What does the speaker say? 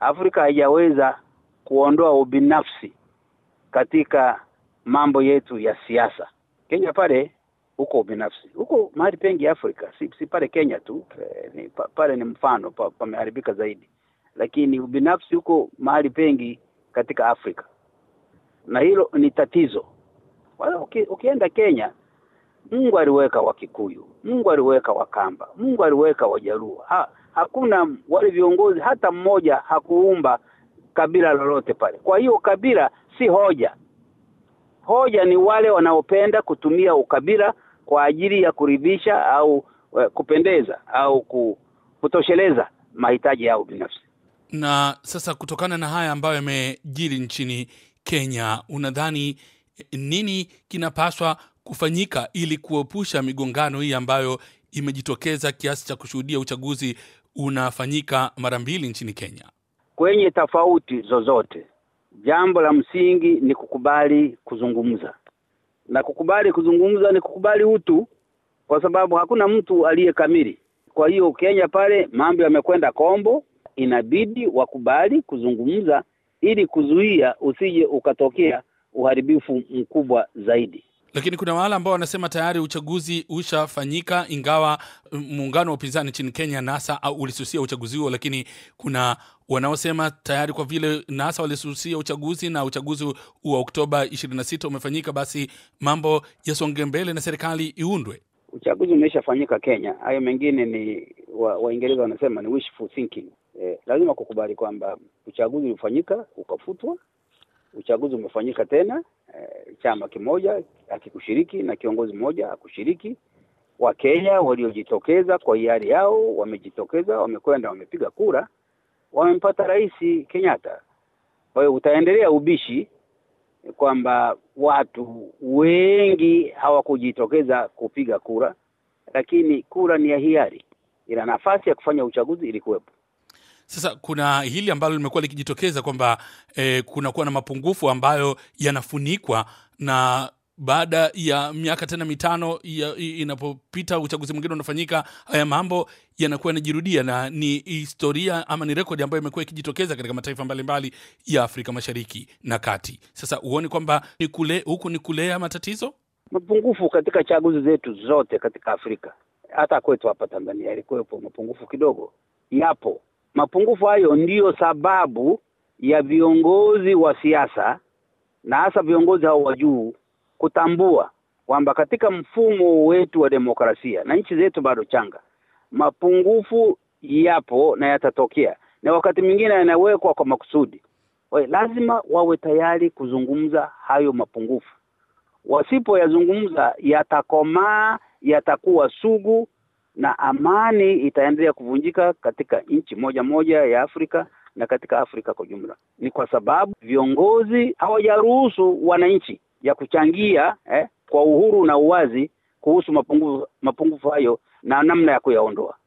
Afrika haijaweza kuondoa ubinafsi katika mambo yetu ya siasa. Kenya pale huko ubinafsi huko mahali pengi Afrika, si, si pale Kenya tu eh, ni, pale ni mfano pameharibika pa zaidi, lakini ubinafsi huko mahali pengi katika Afrika, na hilo ni tatizo. Wala uki, ukienda Kenya, Mungu aliweka Wakikuyu, Mungu aliweka Wakamba, Mungu aliweka Wajaluo hakuna wale viongozi hata mmoja hakuumba kabila lolote pale. Kwa hiyo kabila si hoja. Hoja ni wale wanaopenda kutumia ukabila kwa ajili ya kuridhisha au eh, kupendeza au kutosheleza mahitaji yao binafsi. Na sasa kutokana na haya ambayo yamejiri nchini Kenya, unadhani eh, nini kinapaswa kufanyika ili kuepusha migongano hii ambayo imejitokeza kiasi cha kushuhudia uchaguzi unafanyika mara mbili nchini Kenya. Kwenye tofauti zozote, jambo la msingi ni kukubali kuzungumza, na kukubali kuzungumza ni kukubali utu, kwa sababu hakuna mtu aliye kamili. Kwa hiyo Kenya pale mambo yamekwenda kombo, inabidi wakubali kuzungumza ili kuzuia usije ukatokea uharibifu mkubwa zaidi. Lakini kuna wale ambao wanasema tayari uchaguzi ushafanyika, ingawa mm, muungano wa upinzani nchini Kenya NASA ulisusia uchaguzi huo, lakini kuna wanaosema tayari kwa vile NASA walisusia uchaguzi na uchaguzi wa Oktoba 26 umefanyika, basi mambo yasonge mbele na serikali iundwe. Uchaguzi umeshafanyika Kenya. Hayo mengine ni Waingereza wa wanasema ni wishful thinking. Eh, lazima kukubali kwamba uchaguzi ulifanyika ukafutwa, uchaguzi umefanyika tena e, chama kimoja akikushiriki na kiongozi mmoja akushiriki. Wakenya waliojitokeza kwa hiari yao wamejitokeza, wamekwenda, wamepiga kura, wamempata Rais Kenyatta. Kwa hiyo utaendelea ubishi kwamba watu wengi hawakujitokeza kupiga kura, lakini kura ni ya hiari, ina nafasi ya kufanya uchaguzi ilikuwepo. Sasa kuna hili ambalo limekuwa likijitokeza kwamba eh, kunakuwa na mapungufu ambayo yanafunikwa na baada ya miaka tena mitano inapopita uchaguzi mwingine unafanyika, haya mambo yanakuwa yanajirudia, na ni historia ama ni rekodi ambayo imekuwa ikijitokeza katika mataifa mbalimbali mbali ya Afrika Mashariki na Kati. Sasa huoni kwamba ni huku ni kulea matatizo mapungufu katika chaguzi zetu zote katika Afrika, hata kwetu hapa Tanzania ilikuwepo mapungufu kidogo, yapo Mapungufu hayo ndiyo sababu ya viongozi wa siasa na hasa viongozi hao wa juu kutambua kwamba katika mfumo wetu wa demokrasia na nchi zetu bado changa, mapungufu yapo na yatatokea, na wakati mwingine yanawekwa kwa makusudi. We, lazima wawe tayari kuzungumza hayo mapungufu. Wasipoyazungumza yatakomaa, yatakuwa sugu na amani itaendelea kuvunjika katika nchi moja moja ya Afrika na katika Afrika kwa jumla. Ni kwa sababu viongozi hawajaruhusu wananchi ya kuchangia eh, kwa uhuru na uwazi kuhusu mapungufu mapungufu hayo na namna ya kuyaondoa.